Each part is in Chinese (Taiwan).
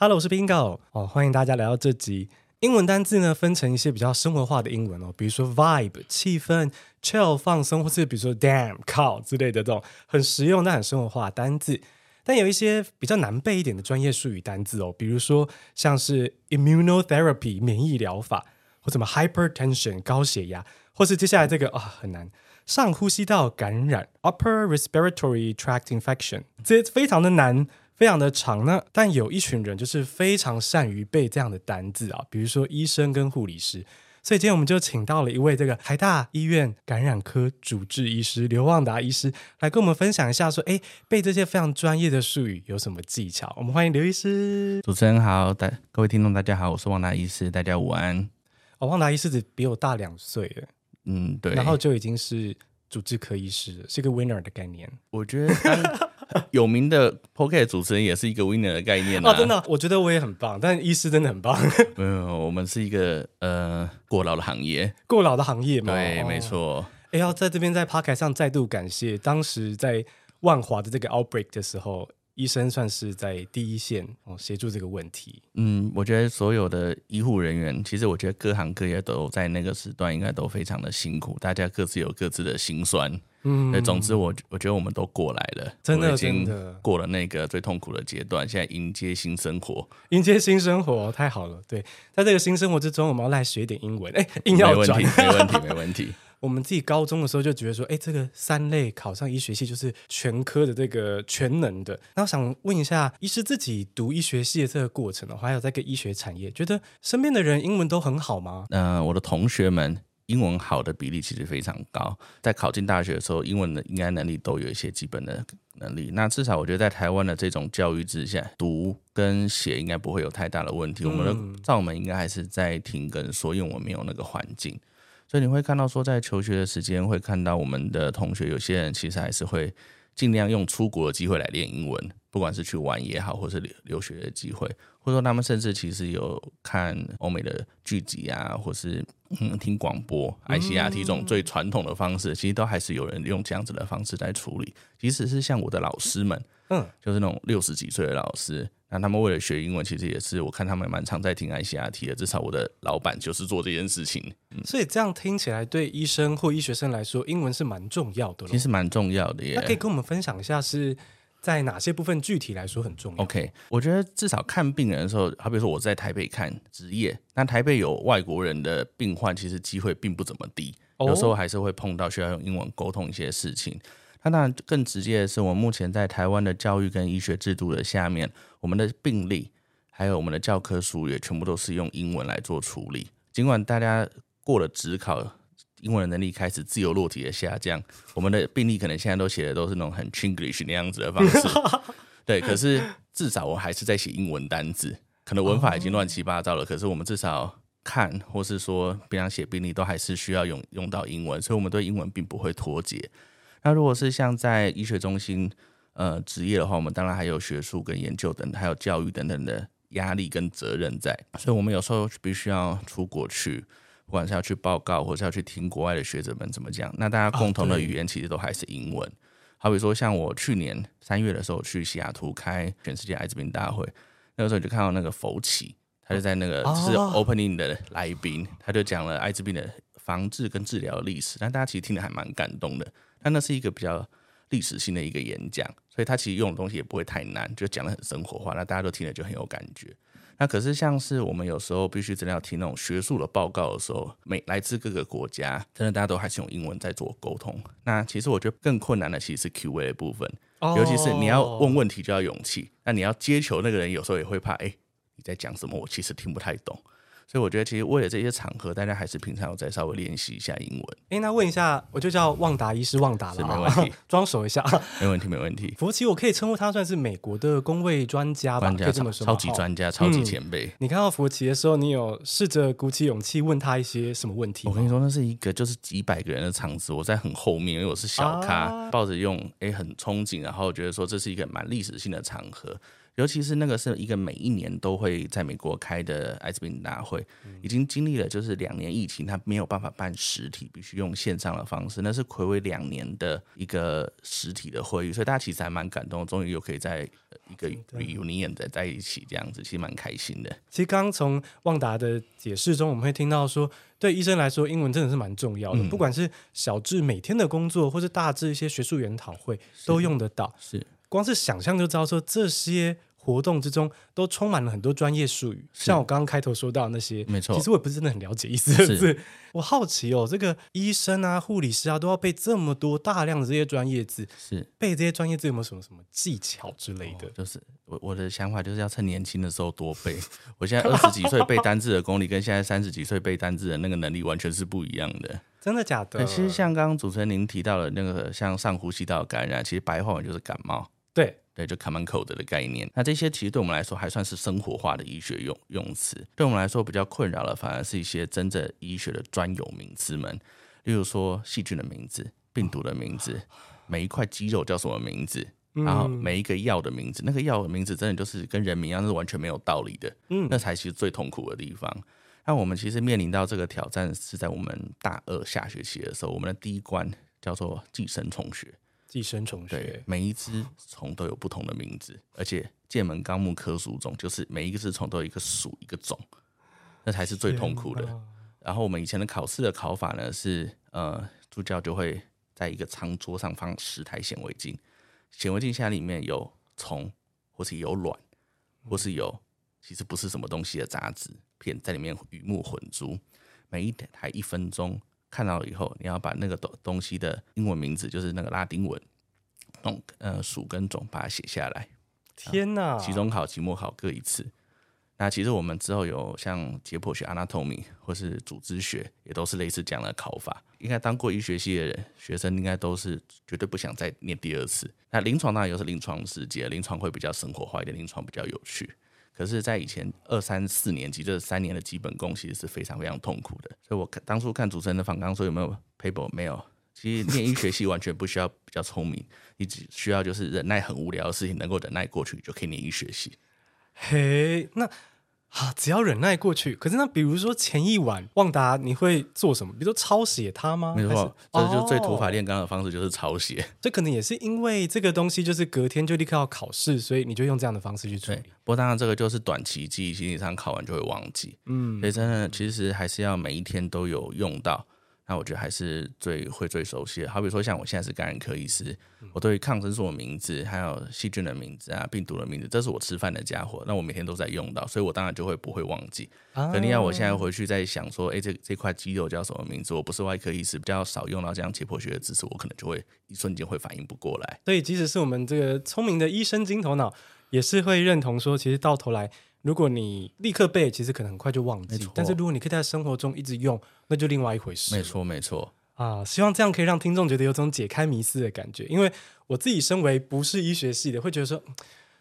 Hello，我是 Bingo，哦，歡迎大家來到這集。英文單字呢，分成一些比較生活化的英文哦，比如說 vibe 氣氛，chill 放鬆，或是比如說 damn 靠之類的這種很實用但很生活化的單字。但有一些比較難背一點的專業術語單字哦，比如說像是 immunotherapy 免疫療法，或什麼 hypertension 高血壓，或是接下來這個啊、哦、很難上呼吸道感染 upper respiratory tract infection，這非常的難。非常的長呢，但有一群人就是非常善於背這樣的單字啊，比如說醫生跟護理師，所以今天我們就請到了一位這個台大醫院感染科主治醫師劉旺達醫師來跟我們分享一下說，說哎，背這些非常專業的術語有什麼技巧？我們歡迎劉醫師。主持人好，大各位聽眾大家好，我是旺達醫師，大家午安。哦，旺達醫師只比我大兩歲，嗯，對，然後就已經是主治科醫師了，是一個 winner 的概念。我覺得。 有名的 podcast 主持人也是一個 winner 的概念哦、啊啊、真的、啊，我覺得我也很棒，但醫師真的很棒。 沒有，我們是一個呃過勞的行業，過勞的行業嘛？對，沒錯。哎、哦，要在這邊在 podcast 上再度感謝，當時在萬華的這個 outbreak 的時候，醫生算是在第一線哦，協助這個問題。嗯，我覺得所有的醫護人員，其實我覺得各行各業都在那個時段應該都非常的辛苦，大家各自有各自的辛酸。嗯，對，總之我我覺得我們都過來了，真的已經過了那個最痛苦的階段，現在迎接新生活，迎接新生活太好了。對，在這個新生活之中，我們要來學一點英文，哎，硬要轉，沒問題，沒問題，沒問題。 我們自己高中的時候就覺得說，哎，這個三類考上醫學系就是全科的這個全能的。然後想問一下，醫師自己讀醫學系的這個過程的、哦、話，還有在個醫學產業，覺得身邊的人英文都很好嗎？嗯、呃，我的同學們。英文好的比例其實非常高，在考進大學的時候，英文的應該能力都有一些基本的能力。那至少我覺得在台灣的這種教育之下，讀跟寫應該不會有太大的問題。我們的罩門應該還是在聽跟說，我們沒有那個環境，所以你會看到說，在求學的時間會看到我們的同學，有些人其實還是會盡量用出國的機會來練英文，不管是去玩也好，或是留留學的機會。或者說，他們甚至其實有看歐美的劇集啊，或是、嗯、聽廣播、ICRT 這種最傳統的方式、嗯，其實都還是有人用這樣子的方式在處理。即使是像我的老師們，嗯，就是那種六十幾歲的老師，那他們為了學英文，其實也是我看他們蠻常在聽 ICRT 的。至少我的老闆就是做這件事情、嗯，所以這樣聽起來，對醫生或醫學生來說，英文是蠻重要的，其實蠻重要的耶。那可以跟我們分享一下是？在哪些部分具體來說很重要？OK，我覺得至少看病人的時候，好比說我在台北看職業，那台北有外國人的病患，其實機會並不怎麼低，oh. 有時候還是會碰到需要用英文溝通一些事情。那當然更直接的是，我們目前在台灣的教育跟醫學制度的下面，我們的病歷還有我們的教科書也全部都是用英文來做處理。儘管大家過了執考。英文的能力開始自由落體的下降，我們的病歷可能現在都寫的都是那種很 Chinglish 那樣子的方式， 對。可是至少我還是在寫英文單字，可能文法已經亂七八糟了，可是我們至少看或是說別人寫病歷都還是需要用用到英文，所以我們對英文並不會脫節。那如果是像在醫學中心呃職業的話，我們當然還有學術跟研究等，還有教育等等的壓力跟責任在，所以我們有時候必須要出國去。不管是要去報告，或者是要去聽國外的學者們怎麼講，那大家共同的語言其實都還是英文。Oh, 好比說，像我去年三月的時候去西雅圖開全世界艾滋病大會，那個時候你就看到那個佛奇，他就在那個是 opening 的來賓，oh. 他就講了艾滋病的防治跟治療歷史，但大家其實聽得還蠻感動的。那那是一個比較歷史性的一個演講，所以他其實用的東西也不會太難，就講的很生活化，那大家都聽得就很有感覺。那可是，像是我們有時候必須真的要聽那種學術的報告的時候，每來自各個國家，真的大家都還是用英文在做溝通。那其實我覺得更困難的其實是 Q&A 的部分，尤其是你要問問題就要勇氣。Oh. 那你要接球那個人有時候也會怕，哎、欸，你在講什麼？我其實聽不太懂。所以我覺得，其實為了這些場合，大家還是平常要再稍微練習一下英文。哎，那問一下，我就叫旺達醫師旺達了，是沒問題 裝熟一下，沒問題，沒問題。福奇，我可以稱呼他算是美國的公衛專家吧，你可以這麼說、超級專家、哦、超級前輩。嗯、你看到福奇的時候，你有試着鼓起勇氣問他一些什麼問題？我跟你說，那是一個就是幾百個人的場子，我在很後面，因為我是小咖，啊、抱着用哎很憧憬，然後覺得說這是一個蠻歷史性的場合。尤其是那個是一個每一年都會在美國開的艾滋病大會、嗯，已經經歷了就是兩年疫情，它沒有辦法辦實體，必須用線上的方式，那是暌違兩年的一個實體的會議，所以大家其實還蠻感動，終於又可以在一個 reunion 在一起這樣子，其實蠻開心的。其實剛從旺達的解釋中，我們會聽到說，對醫生來說，英文真的是蠻重要的、嗯，不管是小至每天的工作，或是大至一些學術研討會，都用得到。是，光是想象就知道說這些。活動之中都充滿了很多專業術語，像我剛剛開頭說到的那些，沒錯，其實我也不是真的很了解意思是。我好奇哦，這個醫生啊、護理師啊都要背這麼多大量的這些專業字，是背這些專業字有沒有什麼什麼技巧之類的？哦，就是我我的想法就是要趁年輕的時候多背。 我現在二十幾歲背單字的功力， 跟現在三十幾歲背單字的那個能力完全是不一樣的。真的假的？其實像剛剛主持人您提到的那個，像上呼吸道感染，其實白話文就是感冒。對。對，就 common cold 的概念。那這些其實對我們來說還算是生活化的醫學用用詞。對我們來說比較困擾的，反而是一些真正醫學的專有名詞們。例如說細菌的名字、病毒的名字、每一塊肌肉叫什麼名字，嗯、然後每一個藥的名字，那個藥的名字真的就是跟人名一樣，是完全沒有道理的。嗯，那才其實最痛苦的地方。那我們其實面臨到這個挑戰是在我們大二下學期的時候，我們的第一關叫做寄生蟲學。寄生蟲學，對，每一隻蟲都有不同的名字，哦、而且界門綱目科屬種，就是每一個是蟲都有一個屬一個種、嗯，那才是最痛苦的。啊、然後我們以前的考試的考法呢，是呃，助教就會在一個長桌上放十台顯微鏡，顯微鏡下裡面有蟲，或是有卵，或是有其實不是什麼東西的雜質片在裡面魚目混珠，每一台一分鐘。看到以後，你要把那個東東西的英文名字，就是那個拉丁文種，呃，屬跟種，把它寫下來。天哪！期中考、期末考各一次。那其實我們之後有像解剖學、Anatomy，或是組織學，也都是類似這樣的考法。應該當過醫學系的人，學生應該都是絕對不想再念第二次。那臨床呢，又是臨床世界，臨床會比較生活化一點，臨床比較有趣。可是，在以前二三四年級這三年的基本功，其實是非常非常痛苦的。所以我看當初看主持人的訪談說，有沒有 paper，沒有。其實，念醫學系完全不需要比較聰明， 你只需要就是忍耐很無聊的事情，能夠忍耐過去就可以念醫學系。嘿，那。啊，只要忍耐過去。可是那比如說前一晚，旺達你會做什麼？比如說抄寫他嗎？沒錯，是這就是最土法煉鋼的方式，就是抄寫。這、哦、可能也是因為這個東西，就是隔天就立刻要考試，所以你就用這樣的方式去做。不過當然這個就是短期記憶，實際上考完就會忘記。嗯，所以真的其實還是要每一天都有用到。那我覺得還是最會最熟悉的。好比說，像我現在是感染科醫師，我對抗生素的名字、還有細菌的名字啊、病毒的名字，這是我吃飯的家伙。那我每天都在用到，所以我當然就會不會忘記。肯定要我現在回去再想說，誒，這這塊肌肉叫什麼名字？我不是外科醫師，比較少用到這樣解剖學的知識，我可能就會一瞬間會反應不過來。所以，即使是我們這個聰明的醫生、金頭腦，也是會認同說，其實到頭來。如果你立刻背，其實可能很快就忘記。但是如果你可以在生活中一直用，那就另外一回事。沒錯，沒錯。啊，希望這樣可以讓聽眾覺得有種解開迷思的感覺。因為我自己身為不是醫學系的，會覺得說，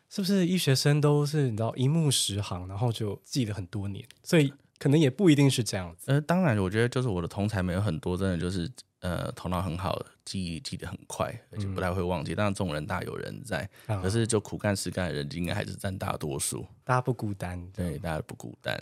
是不是醫學生都是你知道一目十行，然後就記得很多年？所以可能也不一定是這樣子。呃，當然，我覺得就是我的同儕們有很多，真的就是。呃，頭腦很好，記憶記得很快，而且不太會忘記。嗯、但是，眾人大有人在，啊、可是就苦幹實幹的人，應該還是占大多數。大家不孤單，對，大家不孤單。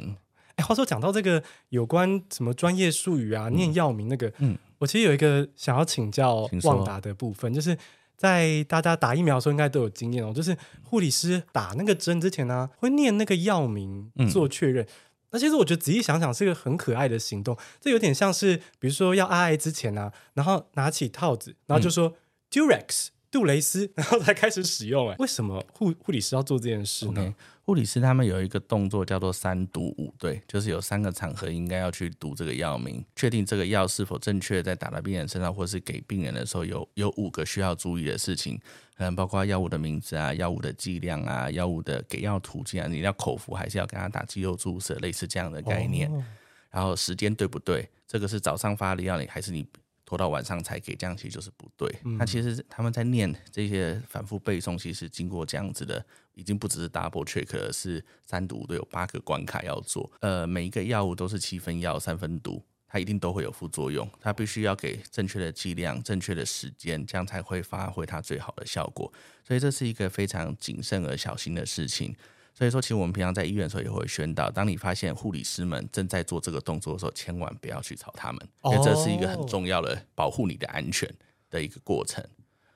哎、欸，話說講到這個有關什麼專業術語啊，嗯、念藥名那個，嗯，我其實有一個想要請教旺達的部分，就是在大家打疫苗的時候，應該都有經驗哦，就是護理師打那個針之前呢、啊，會念那個藥名做確認。嗯那其實我覺得，仔細想想，是個很可愛的行動。這有點像是，比如說要愛愛之前呢、啊，然後拿起套子，然後就說“嗯、Durex，杜蕾斯”，然後才開始使用。哎，為什麼護護理師要做這件事呢？Okay. 護理師他們有一個動作叫做“三讀五對”，就是有三個場合應該要去讀這個藥名，確定這個藥是否正確，在打到病人身上或是給病人的時候有，有有五個需要注意的事情，嗯，包括藥物的名字啊、藥物的劑量啊、藥物的給藥途徑啊，你要口服還是要給他打肌肉注射，類似這樣的概念。Oh. 然後時間對不對？這個是早上發的藥你還是你？拖到晚上才給，這樣其實就是不對，嗯。那其實他們在念這些反覆背誦，其實經過這樣子的，已經不只是 double check，而是三讀都有八個關卡要做。呃，每一個藥物都是七分藥三分毒，它一定都會有副作用。它必須要給正確的劑量、正確的時間，這樣才會發揮它最好的效果。所以這是一個非常謹慎而小心的事情。所以說，其實我們平常在醫院的時候也會宣導，當你發現護理師們正在做這個動作的時候，千萬不要去吵他們，哦，因為這是一個很重要的保護你的安全的一個過程。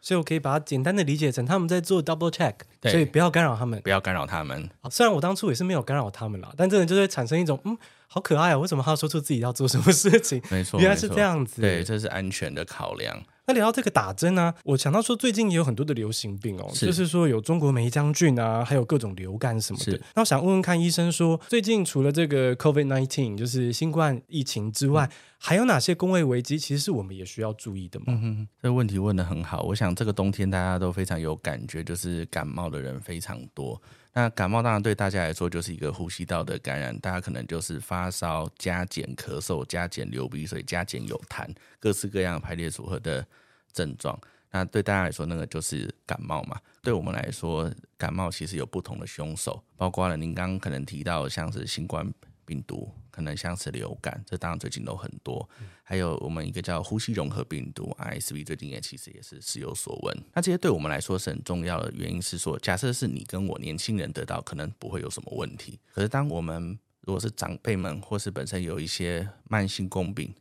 所以，我可以把它簡單的理解成他們在做 double check，所以不要干擾他們，不要干擾他們。雖然我當初也是沒有干擾他們啦，但這人就會產生一種嗯。好可愛啊、喔！為什麼還要說出自己要做什麼事情？沒錯，原來是這樣子。對，這是安全的考量。那聊到這個打針呢、啊？我想到說，最近也有很多的流行病哦、喔，就是說有中國黴漿菌啊，還有各種流感什麼的。那我想問問看醫生說，說最近除了這個 COVID nineteen，就是新冠疫情之外，嗯、還有哪些公衛危機？其實是我們也需要注意的嗎？嗯、哼這個問題問得很好。我想這個冬天大家都非常有感覺，就是感冒的人非常多。那感冒當然對大家來說就是一個呼吸道的感染，大家可能就是發燒加減咳嗽加減流鼻水加減有痰，各式各樣排列組合的症狀。那對大家來說，那個就是感冒嘛。對我們來說，感冒其實有不同的兇手，包括了您剛剛可能提到的像是新冠。病毒可能像是流感，這當然最近都很多。嗯、還有我們一個叫呼吸融合病毒 RSV 最近也其實也是時有所聞。那這些對我們來說是很重要的，原因是說，假設是你跟我年輕人得到，可能不會有什麼問題。可是當我們如果是長輩們，或是本身有一些慢性共病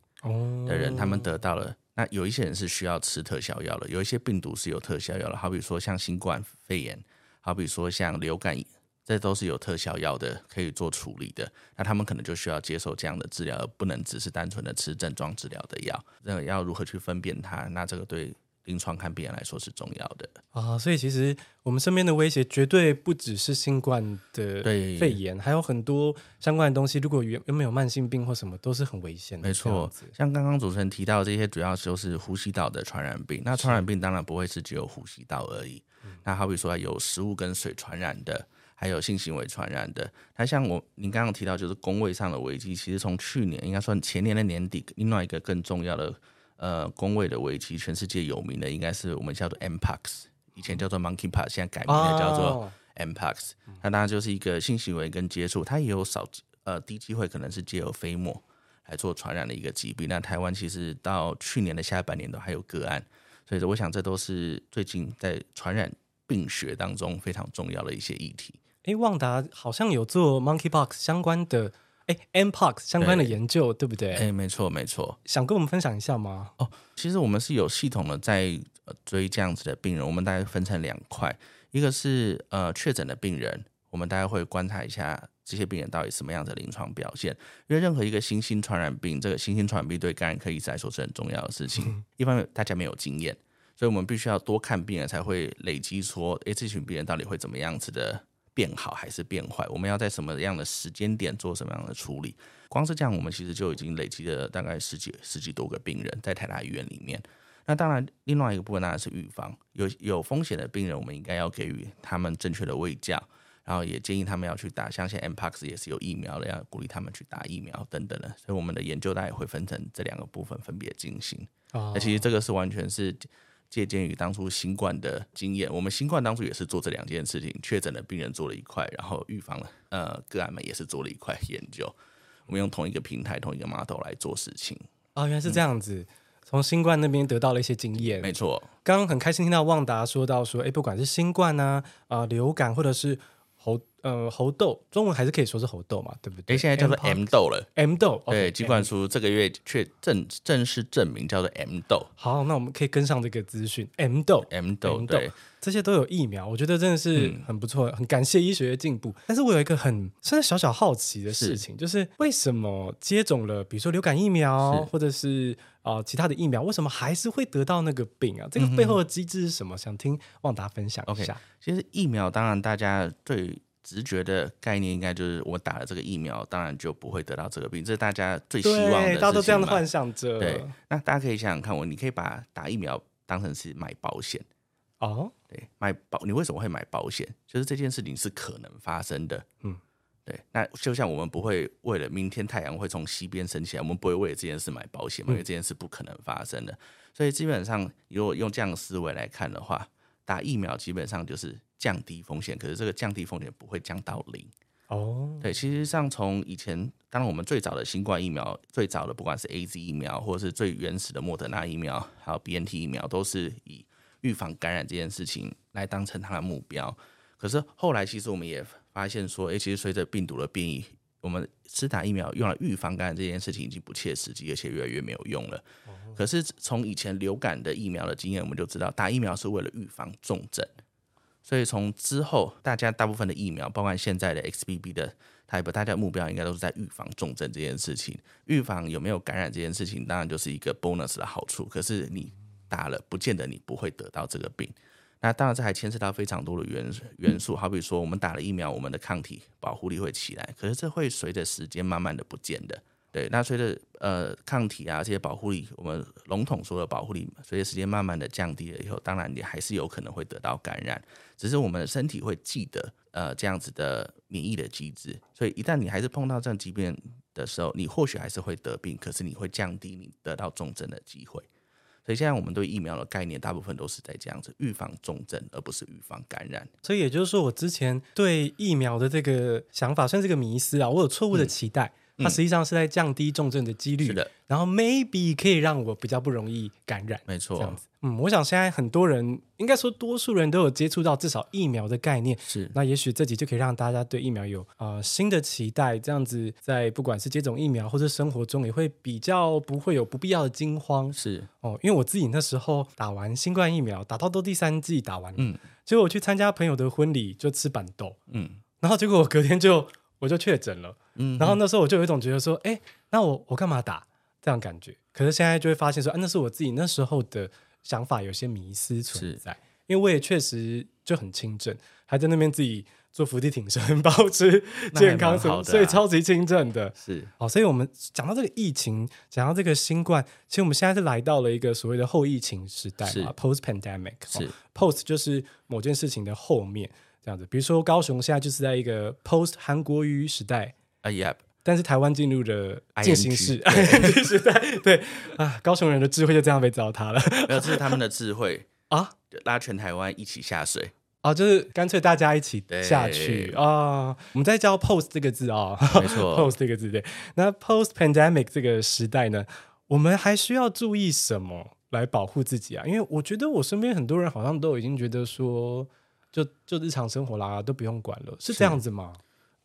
的人，哦，他們得到了，那有一些人是需要吃特效藥的，有一些病毒是有特效藥的。好比說像新冠肺炎，好比說像流感。這都是有特效藥的，可以做處理的。那他們可能就需要接受這樣的治療，而不能只是單純的吃症狀治療的藥。那要如何去分辨它？那這個對臨床看病人來說是重要的啊、哦。所以其實我們身邊的威脅絕對不只是新冠的肺炎，對還有很多相關的東西。如果有有沒有慢性病或什麼，都是很危險的。沒錯，像剛剛主持人提到，這些主要就是呼吸道的傳染病。那傳染病當然不會是只有呼吸道而已。那好比說有食物跟水傳染的。還有性行為傳染的，那像我您剛剛提到就是公衛上的危機，其實從去年應該算前年的年底，另外一個更重要的呃公衛的危機，全世界有名的應該是我們叫做 M-Pox，以前叫做 Monkey Pox、oh. 現在改名了叫做 M-Pox、oh.。它當然就是一個性行為跟接觸，它也有少呃低機會可能是借由飛沫來做傳染的一個疾病。那台灣其實到去年的下半年都還有個案，所以說我想這都是最近在傳染病學當中非常重要的一些議題。誒，旺達好像有做 Monkeypox 相關的，哎，Mpox 相關的研究，對，對不對？哎，沒錯，沒錯。想跟我們分享一下嗎？哦，其實我們是有系統的在追這樣子的病人，我們大概分成兩塊，一個是呃確診的病人，我們大概會觀察一下這些病人到底什麼樣子的臨床表現，因為任何一個新興傳染病，這個新興傳染病對感染科醫生來說是很重要的事情。 一方面大家沒有經驗，所以我們必須要多看病人，才會累積說，誒，這群病人到底會怎麼樣子的。變好還是變壞？我們要在什麼樣的時間點做什麼樣的處理？光是這樣，我們其實就已經累積了大概十幾、十幾多個病人在台大醫院裡面。那當然，另外一個部分當然是預防，有有風險的病人，我們應該要給予他們正確的衛教，然後也建議他們要去打，像現在 M Pox 也是有疫苗的，要鼓勵他們去打疫苗等等的。所以我們的研究大概也會分成這兩個部分分別進行。哦。那其實這個是完全是。借鑑於當初新冠的經驗，我們新冠當初也是做這兩件事情：確診的病人做了一塊，然後預防了，呃，個案們也是做了一塊研究。我們用同一個平台，同一個碼頭來做事情啊。哦，原來是這樣子。嗯。從新冠那邊得到了一些經驗，沒錯。剛剛很開心聽到旺達說到說，哎，不管是新冠呢，啊，啊，呃，流感或者是，猴呃，猴痘中文還是可以說是猴痘嘛，對不對？誒，現在叫做 M 痘了，M 痘對。疾管署這個月卻正正式證明叫做 M 痘，M 痘。好，那我們可以跟上這個資訊，M 痘，M 痘，M 痘，對，這些都有疫苗，我覺得真的是很不錯，很感謝醫學的進步。嗯，但是我有一個很真的小小好奇的事情，就是為什麼接種了比如說流感疫苗或者是？哦，其他的疫苗為什麼還是會得到那個病啊？這個背後的機制是什麼？想聽旺達分享一下。Okay, 其實疫苗當然大家最直覺的概念，應該就是我打了這個疫苗，當然就不會得到這個病。這是大家最希望的。對，大家都這樣的幻想着。對，那大家可以想想看，我你可以把打疫苗當成是買保險哦。對，買保，你為什麼會買保險？就是這件事情是可能發生的。嗯。對，那就像我們不會為了明天太陽會從西邊升起來，我們不會為了這件事買保險嘛、嗯，因為這件事不可能發生的。所以基本上，如果用這樣的思維來看的話，打疫苗基本上就是降低風險。可是這個降低風險不會降到零哦。對，其實像從以前，當然我們最早的新冠疫苗，最早的不管是 AZ 疫苗，或者是最原始的莫德納疫苗，還有 BNT 疫苗，都是以預防感染這件事情來當成它的目標。可是後來其實我們也，發現說，誒、欸，其實隨着病毒的變異，我們只打疫苗用來預防感染這件事情已經不切實際，而且越來越沒有用了。可是從以前流感的疫苗的經驗，我們就知道打疫苗是為了預防重症。所以從之後大家大部分的疫苗，包括現在的 XBB 的 type，大家的目標應該都是在預防重症這件事情。預防有沒有感染這件事情，當然就是一個 bonus 的好處。可是你打了，不見得你不會得到這個病。那當然，這還牽涉到非常多的元元素，好比說，我們打了疫苗，我們的抗體保護力會起來，可是這會隨着時間慢慢的不見的。對，那隨着呃抗體啊這些保護力，我們籠統說的保護力，隨着時間慢慢的降低了以後，當然你還是有可能會得到感染，只是我們的身體會記得呃這樣子的免疫的機制，所以一旦你還是碰到這樣疾病的時候，你或許還是會得病，可是你會降低你得到重症的機會。所以現在我們對疫苗的概念，大部分都是在這樣子預防重症，而不是預防感染。所以也就是說，我之前對疫苗的這個想法算是個迷思啊，我有錯誤的期待。嗯嗯、它實際上是在降低重症的幾率，是的。然後 maybe 可以讓我比較不容易感染，沒錯。這樣子，嗯，我想現在很多人，應該說多數人都有接觸到至少疫苗的概念，是。那也許這集就可以讓大家對疫苗有啊、呃、新的期待，這樣子在不管是接種疫苗，或者生活中也會比較不會有不必要的驚慌，是。哦，因為我自己那時候打完新冠疫苗，打到都第三劑打完，嗯，結果我去參加朋友的婚禮就吃辦桌，嗯，然後結果我隔天就。我就確診了，嗯，然後那時候我就有一種覺得說，哎，那我我幹嘛打這樣感覺？可是現在就會發現說，啊，那是我自己那時候的想法有些迷思存在，因為我也確實就很輕症，還在那邊自己做伏地挺身、保持健康、啊、所以超級輕症的，是哦，所以我們講到這個疫情，講到這個新冠，其實我們現在是來到了一個所謂的後疫情時代嘛，post pandemic，post、哦、就是某件事情的後面。這樣子，比如說高雄現在就是在一個 post 韓國瑜時代，啊、uh, yeah. 但是台灣進入了進行式時代，ING, 對， 對 啊，高雄人的智慧就這樣被糟蹋了。 沒有，這是他們的智慧啊，拉全台灣一起下水啊，就是乾脆大家一起下去，啊、我們在教 post 這個字哦，沒錯 ，post 這個字對。那 post pandemic 這個時代呢，我們還需要注意什麼來保護自己啊？因為我覺得我身邊很多人好像都已經覺得說。就就日常生活啦都不用管了，是這樣子嗎？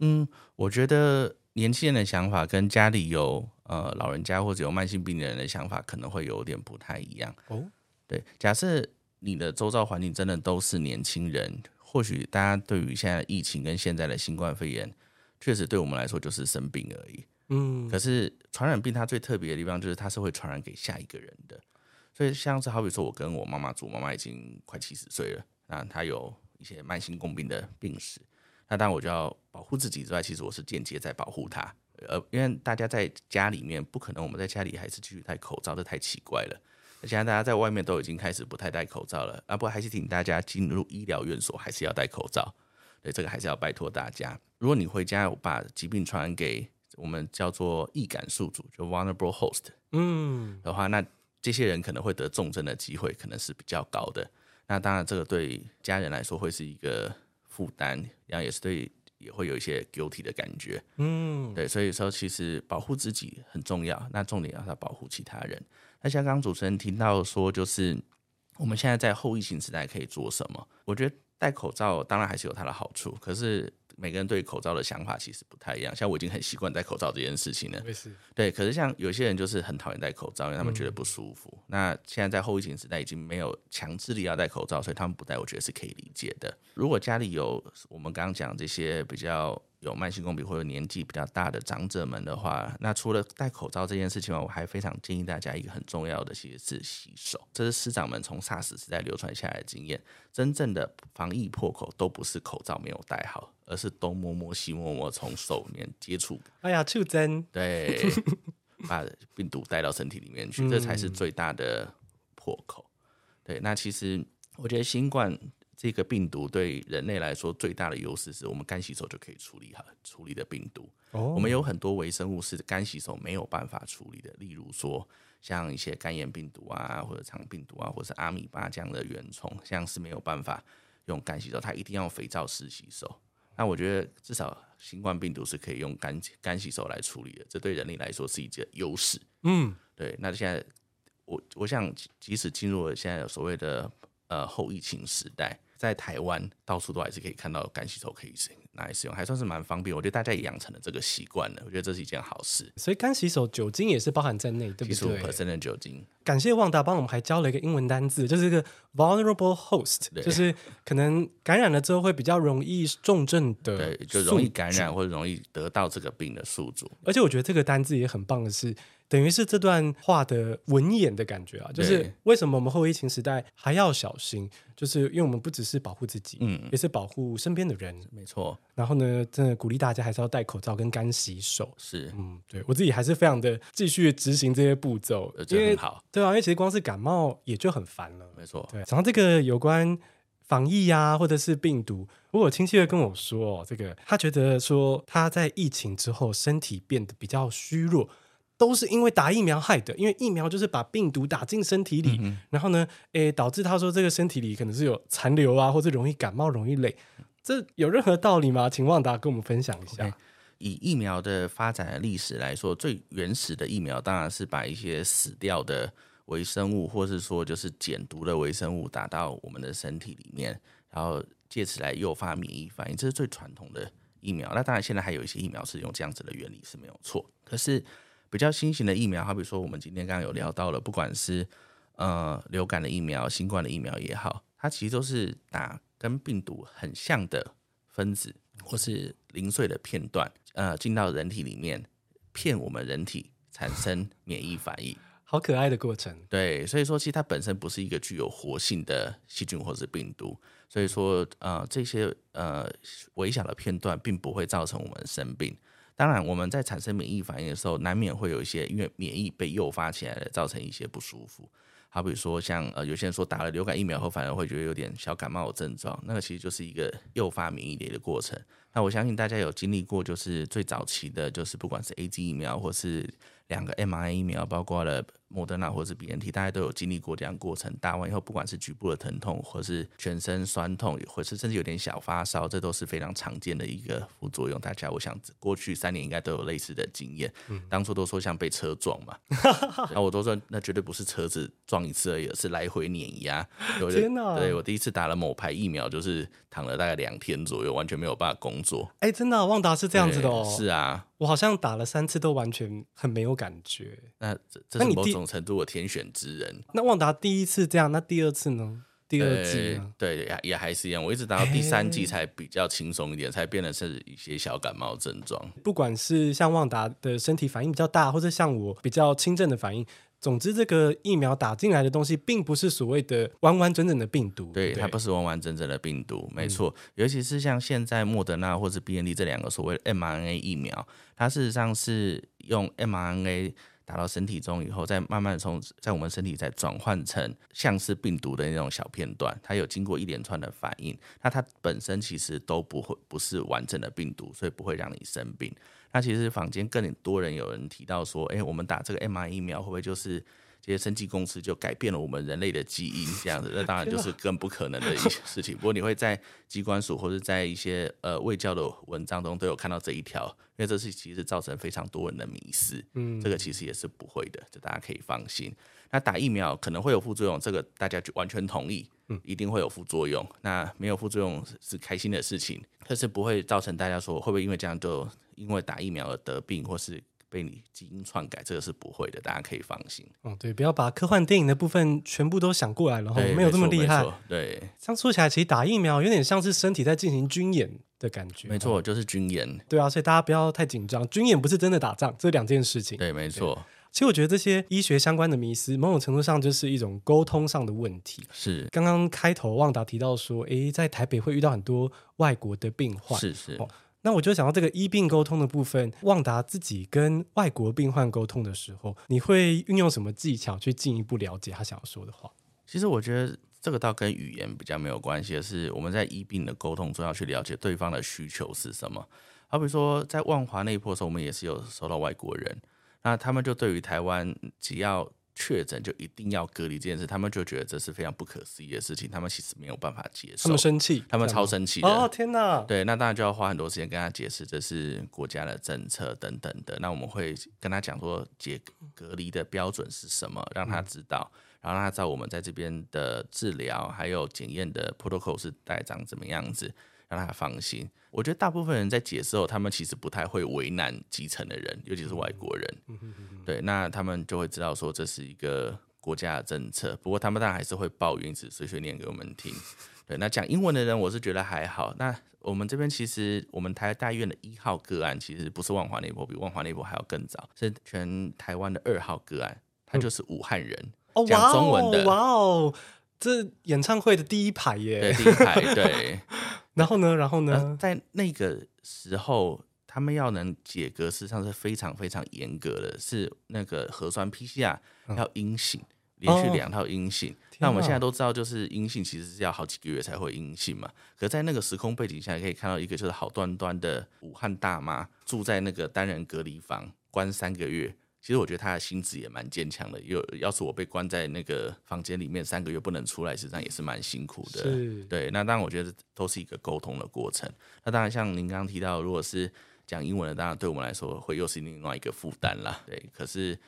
嗯，我覺得年輕人的想法跟家裡有呃老人家或者有慢性病的人的想法可能會有點不太一樣哦。對，假設你的周遭環境真的都是年輕人，或許大家對於現在疫情跟現在的新冠肺炎，確實對我們來說就是生病而已。嗯，可是傳染病它最特別的地方就是它是會傳染給下一個人的，所以像是好比說我跟我媽媽住，媽媽已經快七十歲了，那她有。一些慢性共病的病史，那當然我就要保護自己之外，其實我是間接在保護他。呃，因為大家在家裡面不可能，我們在家裡還是繼續戴口罩，這太奇怪了。現在大家在外面都已經開始不太戴口罩了啊。不，不過還是請大家進入醫療院所還是要戴口罩。對，這個還是要拜託大家。如果你回家有把疾病傳給我們叫做易感宿主，就 vulnerable host，嗯，的話，那這些人可能會得重症的機會可能是比較高的。那當然，這個對家人來說會是一個負擔，然後也是對也會有一些 guilty 的感覺。嗯，對，所以說其實保護自己很重要，那重點要是保護其他人。那像剛剛主持人聽到說，就是我們現在在後疫情時代可以做什麼？我覺得戴口罩當然還是有它的好處，可是，每個人對口罩的想法其實不太一樣，像我已經很習慣戴口罩這件事情了。沒事。對，可是像有些人就是很討厭戴口罩，因為他們覺得不舒服。嗯、那現在在後疫情時代，已經沒有強制力要戴口罩，所以他們不戴，我覺得是可以理解的。如果家裡有我們剛剛講這些比較有慢性共病或者年紀比較大的長者們的話，那除了戴口罩這件事情外，我還非常建議大家一個很重要的，其實是洗手。這是師長們從 SARS 時代流傳下來的經驗，真正的防疫破口都不是口罩沒有戴好。而是東摸摸西摸摸，從手裡面接觸。哎呀，觸針！對，把病毒帶到身體裡面去，這才是最大的破口。對，那其實我覺得新冠這個病毒對人類來說最大的優勢是我們乾洗手就可以處理好處理的病毒。我們有很多微生物是乾洗手沒有辦法處理的，例如說像一些肝炎病毒啊，或者腸病毒啊，或者是阿米巴這樣的原蟲，像是沒有辦法用乾洗手，它一定要用肥皂濕洗手。那我覺得至少新冠病毒是可以用乾乾洗手來處理的，這對人類來說是一個優勢。嗯，對。那現在我我想，即使進入了現在所謂的呃後疫情時代。在台灣到處都還是可以看到乾洗手可以拿來使用，還算是蠻方便。我覺得大家也養成了這個習慣了，我覺得這是一件好事。所以乾洗手酒精也是包含在內，對不對？七十五 percent 的酒精。感謝旺達幫我們還教了一個英文單字，就是一個 vulnerable host，就是可能感染了之後會比較容易重症的，對，就容易感染或者容易得到這個病的宿主。而且我覺得這個單字也很棒的是，等於是這段話的文言的感覺啊，就是為什麼我們後疫情時代還要小心，就是因為我們不只是保護自己，嗯，也是保護身邊的人，沒錯。然後呢，真的鼓勵大家還是要戴口罩跟乾洗手，是，嗯，對，我自己還是非常的繼續執行這些步驟，我覺得很好，因為，對啊，因為其實光是感冒也就很煩了，沒錯。對，然後這個有關防疫呀、啊，或者是病毒，我有親戚會跟我說、哦，這個他覺得說他在疫情之後身體變得比較虛弱。都是因為打疫苗害的，因為疫苗就是把病毒打進身體裡嗯嗯，然後呢，誒、欸，導致他說這個身體裡可能是有殘留啊，或者容易感冒，容易累，這有任何道理嗎？請旺達跟我們分享一下。Okay. 以疫苗的發展的歷史來說，最原始的疫苗當然是把一些死掉的微生物，或是說就是減毒的微生物打到我們的身體裡面，然後借此來誘發免疫反應，這是最傳統的疫苗。那當然，現在還有一些疫苗是用這樣子的原理是沒有錯，可是。比較新型的疫苗，好比說我們今天剛剛有聊到了，不管是呃流感的疫苗、新冠的疫苗也好，它其實都是打跟病毒很像的分子，或是零碎的片段，呃，進到人體裡面騙我們人體產生免疫反應。好可愛的過程。對，所以說其實它本身不是一個具有活性的細菌或是病毒，所以說呃這些呃微小的片段並不會造成我們生病。當然，我們在產生免疫反應的時候，難免會有一些因為免疫被誘發起來的，造成一些不舒服。好，比如說像呃，有些人說打了流感疫苗後，反而會覺得有點小感冒的症狀，那個其實就是一個誘發免疫的一個過程。那我相信大家有經歷過，就是最早期的，就是不管是 AZ 疫苗，或是兩個 mRNA 疫苗，包括了莫德納或者 B N T，大家都有經歷過這樣過程。打完以後，不管是局部的疼痛，或是全身酸痛，或是甚至有點小發燒，這都是非常常見的一個副作用。大家，我想過去三年應該都有類似的經驗。當初都說像被車撞嘛，哈，那我都說那絕對不是車子撞一次而已，是來回碾壓。天吶，對我第一次打了某牌疫苗，就是躺了大概兩天左右，完全沒有辦法工。做哎，真的、啊，旺達是這樣子的哦、欸。是啊，我好像打了三次都完全很沒有感覺。那這是某種程度的天選之人那。那旺達第一次這樣，那第二次呢？第二劑、欸、對，也也還是一樣。我一直打到第三劑才比較輕鬆一點，欸、才變得是一些小感冒症狀。不管是像旺達的身體反應比較大，或者像我比較輕症的反應。總之，這個疫苗打進來的東西，並不是所謂的完完整整的病毒。對，對，它不是完完整整的病毒，沒錯。嗯。尤其是像現在莫德納或是 B N D 這兩個所謂的 mRNA 疫苗，它事實上是用 mRNA 打到身體中以後，再慢慢從在我們身體再轉換成像是病毒的那種小片段。它有經過一連串的反應，那它本身其實都不會不是完整的病毒，所以不會讓你生病。那其實坊間更多人有人提到說，哎、欸，我們打這個 m r 疫苗會不會就是這些生技公司就改變了我們人類的基因這樣子？ 那當然就是更不可能的一件事情。 不過你會在機關署或者在一些呃衛教的文章中都有看到這一條，因為這事其實造成非常多人的迷思。嗯，這個其實也是不會的，就大家可以放心。那打疫苗可能會有副作用，這個大家完全同意，嗯，一定會有副作用。那沒有副作用是開心的事情，但是不會造成大家說會不會因為這樣就因為打疫苗而得病，或是被你基因篡改，這個是不會的，大家可以放心。嗯，對，不要把科幻電影的部分全部都想過來了，然後沒有這麼厲害。對，這樣說起來，其實打疫苗有點像是身體在進行軍演的感覺。沒錯，嗯，就是軍演。對啊，所以大家不要太緊張，軍演不是真的打仗，這兩件事情。對，沒錯。其實我覺得這些醫學相關的迷思，某種程度上就是一種溝通上的問題。是。剛剛開頭旺達提到說，誒，在台北會遇到很多外國的病患。是是。哦，那我就想到這個醫病溝通的部分，旺達自己跟外國病患溝通的時候，你會運用什麼技巧去進一步了解他想要說的話？其實我覺得這個倒跟語言比較沒有關係，是我們在醫病的溝通中要去了解對方的需求是什麼。好比說在萬華那一波的時候，我們也是有收到外國人。那他們就對於台灣只要確診就一定要隔離這件事，他們就覺得這是非常不可思議的事情，他們其實沒有辦法解釋。他們生氣，他們超生氣的。哦，天哪！對，那當然就要花很多時間跟他解釋，這是國家的政策等等的。那我們會跟他講說，解隔離的標準是什麼，讓他知道，嗯、然後讓他知道我們在這邊的治療還有檢驗的 protocol 是大概長怎麼樣子。讓他放心。我覺得大部分人在解釋、哦，他們其實不太會為難基層的人，尤其是外國人、嗯嗯嗯嗯嗯。對，那他們就會知道說，這是一個國家的政策。不過他們當然還是會抱怨，只碎碎念給我們聽。對，那講英文的人，我是覺得還好。那我們這邊其實，我們台大醫院的一號個案，其實不是萬華那波，比萬華那波還要更早，是全台灣的二號個案，他就是武漢人，講、嗯、中文的。Oh, wow, wow. 這是演唱會的第一排耶，對，第一排對。 然後呢，然後呢，然後在那個時候，他們要能解隔，事實上是非常非常嚴格的，是那個核酸 PCR 要陰性，嗯，連續兩套陰性，哦。那我們現在都知道，就是陰性其實是要好幾個月才會陰性嘛。啊，可是在那個時空背景下，可以看到一個就是好端端的武漢大媽住在那個單人隔離房，關三個月。其實我覺得他的心智也蠻堅強的。又要是我被關在那個房間裡面三個月不能出來，實際上也是蠻辛苦的。是，對。那當然，我覺得都是一個溝通的過程。那當然，像您剛剛提到的，如果是講英文的，當然對我們來說會又是另外一個負擔啦。對，可是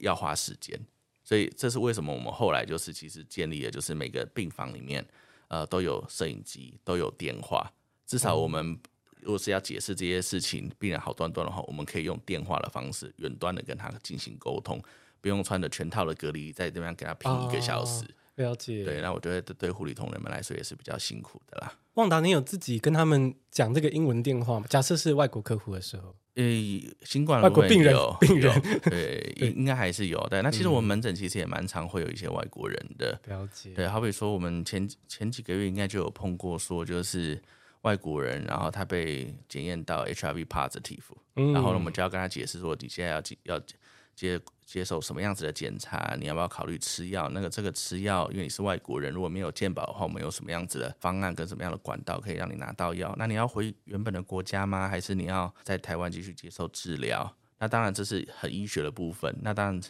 要花時間，所以這是為什麼我們後來就是其實建立的就是每個病房裡面，呃，都有攝影機，都有電話，至少我們、嗯。如果是要解釋這些事情，病人好端端的話，我們可以用電話的方式，遠端的跟他進行溝通，不用穿着全套的隔離，在這邊跟他拼一個小時、啊。了解。對，那我覺得對護理同仁們來說也是比較辛苦的啦。旺達，你有自己跟他們講這個英文電話嗎？假設是外國客戶的時候，呃，新冠的病人，病人，對，對，應該還是有。但那其實我們門診其實也蠻常會有一些外國人的。嗯、了解。對，好比說我們前前幾個月應該就有碰過，說就是。外國人，然後，他被檢驗到 HIV positive、嗯、然後呢，我們就要跟他解釋說，你現在要接要接接受什麼樣子的檢查，你要不要考慮吃藥？那個這個吃藥，因為你是外國人，如果沒有健保的話，我們有什麼樣子的方案跟什麼樣的管道可以讓你拿到藥？那你要回原本的國家嗎？還是你要在台灣繼續接受治療？那當然這是很醫學的部分，那當然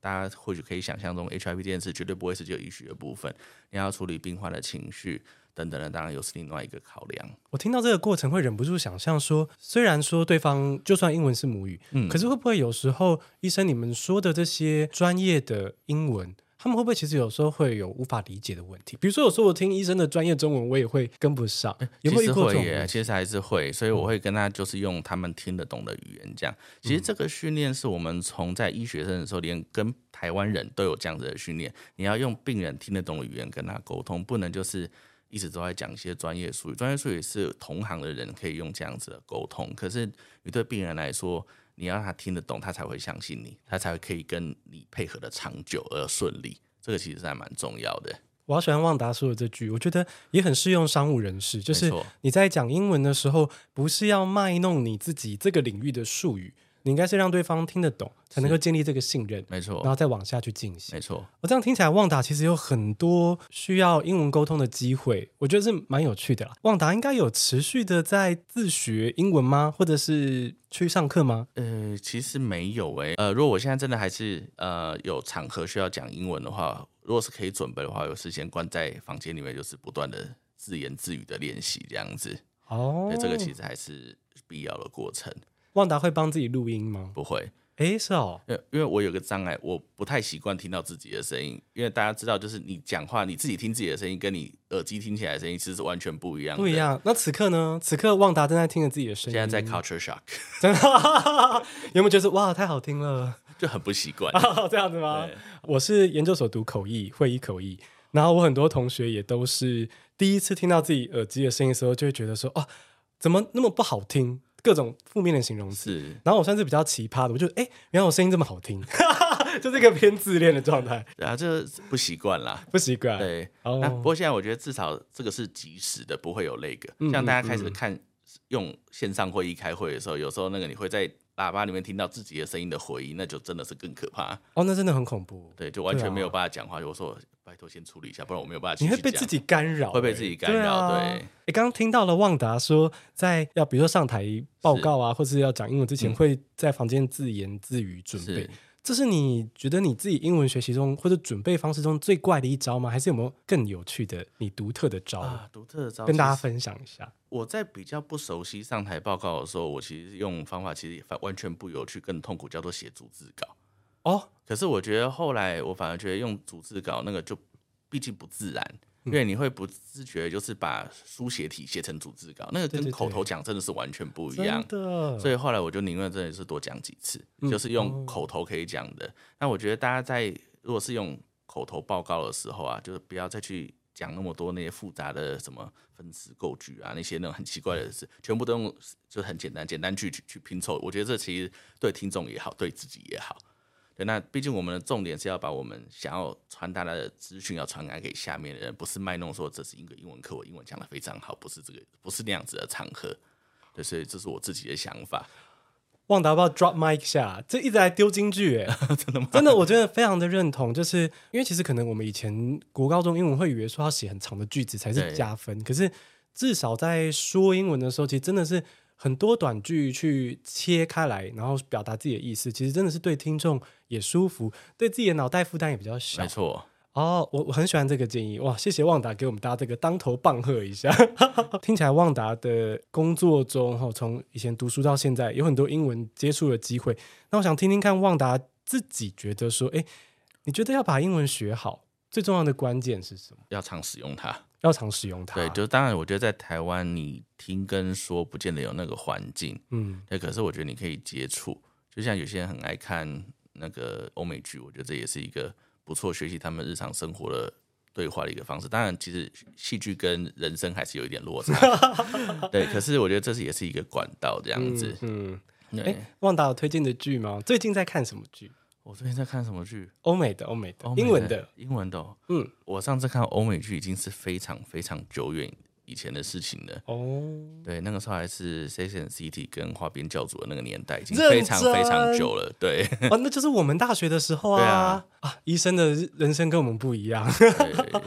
大家或許可以想象中，HIV 這件事，絕對不會是只有醫學的部分，你要處理病患的情緒，等等的，當然又是另外一個考量。我聽到這個過程，會忍不住想象說，雖然說對方就算英文是母語，嗯，可是會不會有時候醫生你們說的這些專業的英文，他們會不會其實有時候會有無法理解的問題？比如說，有時候我聽醫生的專業中文，我也會跟不上。欸，有沒有遇過這種問題？其實還是會，所以我會跟他就是用他們聽得懂的語言講。其實這個訓練是我們從在醫學生的時候，連跟台灣人都有這樣子的訓練。你要用病人聽得懂的語言跟他溝通，不能就是。一直都在講一些專業術語，專業術語是同行的人可以用這樣子的溝通。可是你對病人來說，你要讓他聽得懂，他才會相信你，他才可以跟你配合的長久而順利。這個其實是還蠻重要的。我好喜歡旺達說的這句，我覺得也很適用商務人士，就是你在講英文的時候，不是要賣弄你自己這個領域的術語。你應該是讓對方聽得懂，才能夠建立這個信任，沒錯。然後再往下去進行，沒錯。我、哦、這樣聽起來，旺達其實有很多需要英文溝通的機會，我覺得是蠻有趣的啦。旺達應該有持續的在自學英文嗎？或者是去上課嗎？呃，其實沒有誒、欸。呃，如果我現在真的還是呃有場合需要講英文的話，如果是可以準備的話，有時間關在房間裡面，就是不斷的自言自語的練習這樣子。哦，那這個其實還是必要的過程。旺達會幫自己錄音嗎？不會。哎，是哦。因為我有個障礙，我不太習慣聽到自己的聲音。因為大家知道，就是你講話，你自己聽自己的聲音，跟你耳機聽起來的聲音其實是完全不一樣的。不一樣。那此刻呢？此刻旺達正在聽着自己的聲音。現在在 Culture Shock，真的。 有沒有覺得哇，太好聽了？就很不習慣。 啊、這樣子嗎？我是研究所讀口譯，會議口譯。然後我很多同學也都是第一次聽到自己耳機的聲音的時候，就會覺得說啊，怎麼那麼不好聽？各種負面的形容詞，是，然後我算是比較奇葩的，我就哎，原、欸、來我聲音這麼好聽， 就這個偏自戀的狀態，然後這不習慣了，不習慣。對，oh. 那不過現在我覺得至少這個是及時的，不會有那個、嗯，嗯，像大家開始看用線上會議開會的時候，有時候那個你會在。喇叭裡面聽到自己的聲音的回音，那就真的是更可怕哦，那真的很恐怖。對，就完全沒有辦法講話、啊。我說拜託，先處理一下，不然我沒有辦法講。你會被自己干擾、欸，會被自己干擾、啊。對，你剛剛聽到了旺達說，在要比如說上台報告啊，是或是要講英文之前，嗯、會在房間自言自語準備。這是你覺得你自己英文學習中或者準備方式中最怪的一招嗎？還是有沒有更有趣的、你獨特的招？啊，獨特的招，跟大家分享一下。我在比較不熟悉上台報告的時候，我其實用方法其實也完全不有趣、更痛苦，叫做寫逐字稿。哦，可是我覺得後來我反而覺得用逐字稿那個就畢竟不自然。因為你會不自覺就是把書寫體寫成逐字稿，那個跟口頭講真的是完全不一樣。對對對的，所以後來我就寧願真的是多講幾次，就是用口頭可以講的、嗯。那我覺得大家在如果是用口頭報告的時候啊，就是不要再去講那麼多那些複雜的什麼分詞構句啊，那些那種很奇怪的詞，嗯、全部都用就很簡單簡單句去，去拼湊。我覺得這其實對聽眾也好，對自己也好。對，那畢竟我們的重點是要把我們想要傳達的資訊要傳達給下面的人，不是賣弄說這是英英文課，我英文講得非常好，不是這個，不是那樣子的場合。對，所以這是我自己的想法。旺達，不要 drop mic 下，這一直在丟金句，欸，誒， 真的嗎？真的，我真的非常的認同，就是因為其實可能我們以前國高中英文會以為說要寫很長的句子才是加分，可是至少在說英文的時候，其實真的是。很多短句去切開來，然後表達自己的意思，其實真的是對聽眾也舒服，對自己的腦袋負擔也比較小。沒錯，哦，我我很喜歡這個建議哇，謝謝旺達給我們大家這個當頭棒喝一下。 聽起來旺達的工作中哈，從以前讀書到現在，有很多英文接觸的機會。那我想聽聽看，旺達自己覺得說，誒，你覺得要把英文學好？最重要的關鍵是什麼？要常使用它，要常使用它。對，就當然，我覺得在台灣，你聽跟說不見得有那個環境，嗯，對。可是我覺得你可以接觸，就像有些人很愛看那個歐美劇，我覺得這也是一個不錯學習他們日常生活的對話的一個方式。當然，其實戲劇跟人生還是有一點落差， 對。可是我覺得這是也是一個管道這樣子。嗯，嗯對。欸，旺達有推薦的劇嗎？最近在看什麼劇？我這邊在看什麼劇？歐美的，歐美的，英文的，英文的，哦。嗯，我上次看歐美劇已經是非常非常久遠以前的事情了。哦，對，那個時候還是《Sex and the City》跟《花邊教主》的那個年代，已經非常非常久了。對， 哦，那就是我們大學的時候啊。對啊，啊醫生的人生跟我們不一樣。欲 對對對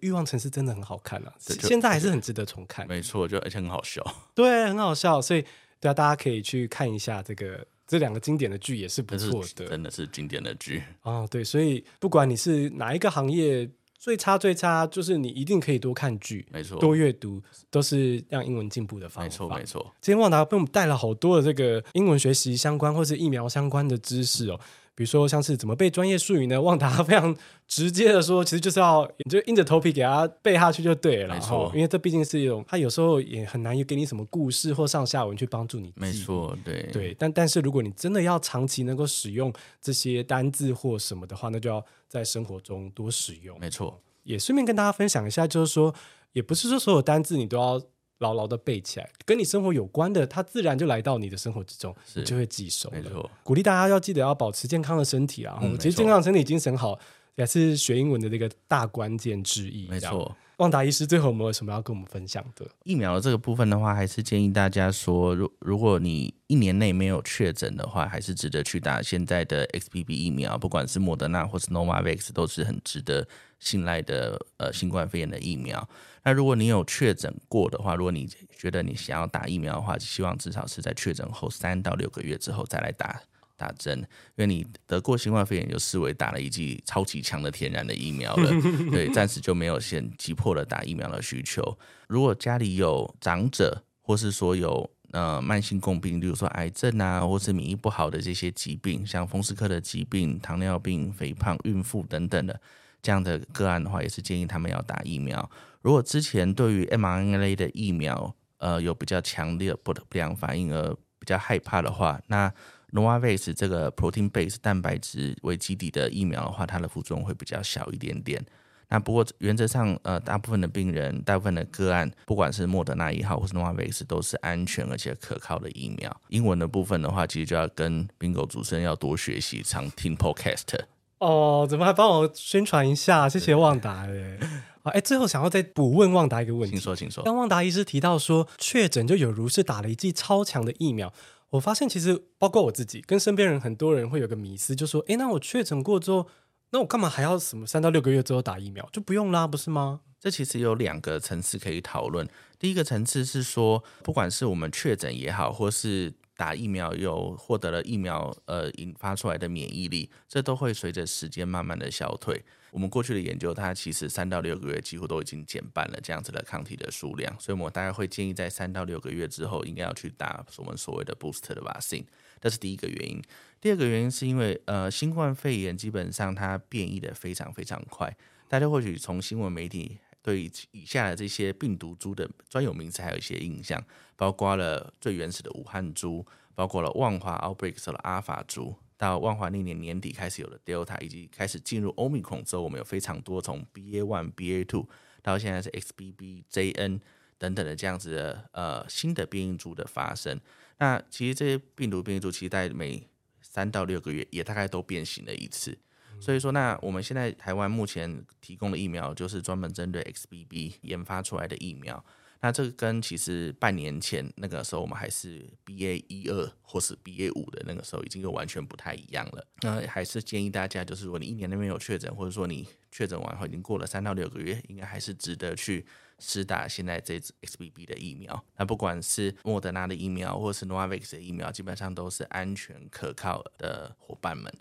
對望城市真的很好看啊，現在還是很值得重看。沒錯，就而且很好笑。對，很好笑，所以對啊，大家可以去看一下這個。這兩個經典的劇也是不錯的，是真的是經典的劇哦。對，所以不管你是哪一個行業，最差最差，就是你一定可以多看劇。沒錯，多閱讀都是讓英文進步的方法。沒錯，沒錯。今天旺達被我們帶了好多的這個英文學習相關或是疫苗相關的知識哦。嗯比如說，像是怎麼背專業術語呢？旺達非常直接的說，其實就是要你就硬着頭皮給他背下去就對了。沒錯，然後因為這畢竟是一種，他有時候也很難有給你什麼故事或上下文去幫助你記。沒錯，對對，但但是如果你真的要長期能夠使用這些單字或什麼的話，那就要在生活中多使用。沒錯，也順便跟大家分享一下，就是說，也不是說所有單字你都要。牢牢的背起來，跟你生活有關的，它，自然就來到你的生活之中，你就會自己熟。沒錯，鼓勵大家要記得要保持健康的身體啊！嗯、其實健康的身體、精神好、嗯、也是學英文的那個大關鍵之一。沒錯，旺達醫師最後有沒有什麼要跟我們分享的？疫苗的這個部分的話，還是建議大家說，如如果你一年內沒有確診的話，還是值得去打現在的 XBB 疫苗，不管是莫德納或是 Novavax 都是很值得信賴的呃新冠肺炎的疫苗。那如果你有確診過的話，如果你覺得你想要打疫苗的話，希望至少是在確診後三到六個月之後再來打打針，因為你得過新冠肺炎就視為打了一劑超級強的天然的疫苗了，對，暫時就沒有先急迫的打疫苗的需求。 如果家裡有長者，或是說有呃慢性共病，例如說癌症啊，或是免疫不好的這些疾病，像風濕科的疾病、糖尿病、肥胖、孕婦等等的。這樣的個案的話，也是建議他們要打疫苗。如果之前對於 mRNA 的疫苗，呃，有比較強烈的不良反應而比較害怕的話，那 Novavax 這個 protein-based 蛋白質為基底的疫苗的話，它的副作用會比較小一點點。那不過原則上，呃，大部分的病人、大部分的個案，不管是莫德納一號或是 Novavax，都是安全而且可靠的疫苗。英文的部分的話，其實就要跟 Bingo 主持人要多學習，常聽 podcast。哦，怎麼還幫我宣傳一下？謝謝旺達耶！哎、啊，最後想要再補問旺達一個問題。請說，請說。當旺達醫師提到說確診就有如是打了一劑超強的疫苗，我發現其實包括我自己跟身邊人很多人會有個迷思，就說：哎，那我確診過之後，那我幹嘛還要什麼三到六個月之後打疫苗，就不用啦，啊，不是嗎？這其實有兩個層次可以討論。第一個層次是說，不管是我們確診也好，或是打疫苗又獲得了疫苗，呃，引發出來的免疫力，這都會隨着時間慢慢的消退。我們過去的研究，它其實三到六個月幾乎都已經減半了這樣子的抗體的數量。所以，我們大概會建議在三到六個月之後，應該要去打我們所謂的 booster 的 vaccine。這是第一個原因。第二個原因是因為，呃，新冠肺炎基本上它變異的非常非常快。大家或許從新聞媒體對以下的這些病毒株的專有名詞還有一些印象。包括了最原始的武漢株，包括了萬華 outbreaks 的阿爾法株。到萬華那年年底開始有了 Delta，以及開始進入歐米孔之後，我們有非常多從 BA one、BA two 到現在是 XBB、JN 等等的這樣子的呃新的變異株的發生。那其實這些病毒變異株，期待每三到六個月也大概都變形了一次。所以說，那我們現在台灣目前提供的疫苗就是專門針對 XBB 研發出來的疫苗。那這個跟其實半年前那個時候我們還是 BA 一二或是 BA 五的那個時候已經有完全不太一樣了。那還是建議大家，就是說你一年那邊有確診，或者說你確診完後已經過了三到六個月，應該還是值得去施打現在這支 x b b 的疫苗。那不管是莫德納的疫苗或是 n o v a x 的疫苗，基本上都是安全可靠的夥伴們。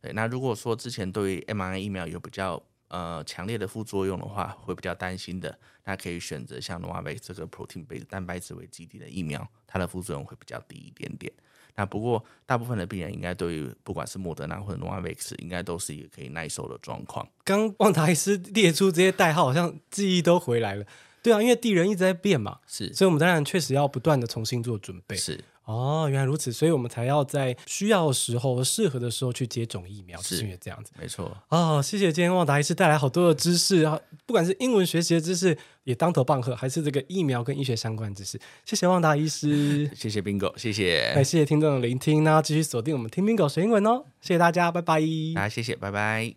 對，那如果說之前對 m r i 疫苗有比較。呃，強烈的副作用的話，會比較擔心的。那可以選擇像 Novavax 這個 protein base 蛋白質為基底的疫苗，它的副作用會比較低一點點。那不過，大部分的病人應該對於不管是莫德納或者 Novavax，應該都是一個可以耐受的狀況。剛旺達醫師列出這些代號，好像記憶都回來了。對啊，因為敵人一直在變嘛，是，所以我們當然確實要不斷的重新做準備。是。哦，原來如此，所以我們才要在需要的時候、適合的時候去接種疫苗，是因為這樣子，沒錯。哦，謝謝今天旺達醫師帶來好多的知識啊，不管是英文學習的知識，也當頭棒喝，還是這個疫苗跟醫學相關的知識，謝謝旺達醫師，謝謝 Bingo，謝謝，也謝謝聽眾的聆聽，那繼續鎖定我們聽 Bingo 學英文哦，謝謝大家，拜拜，啊，謝謝，拜拜。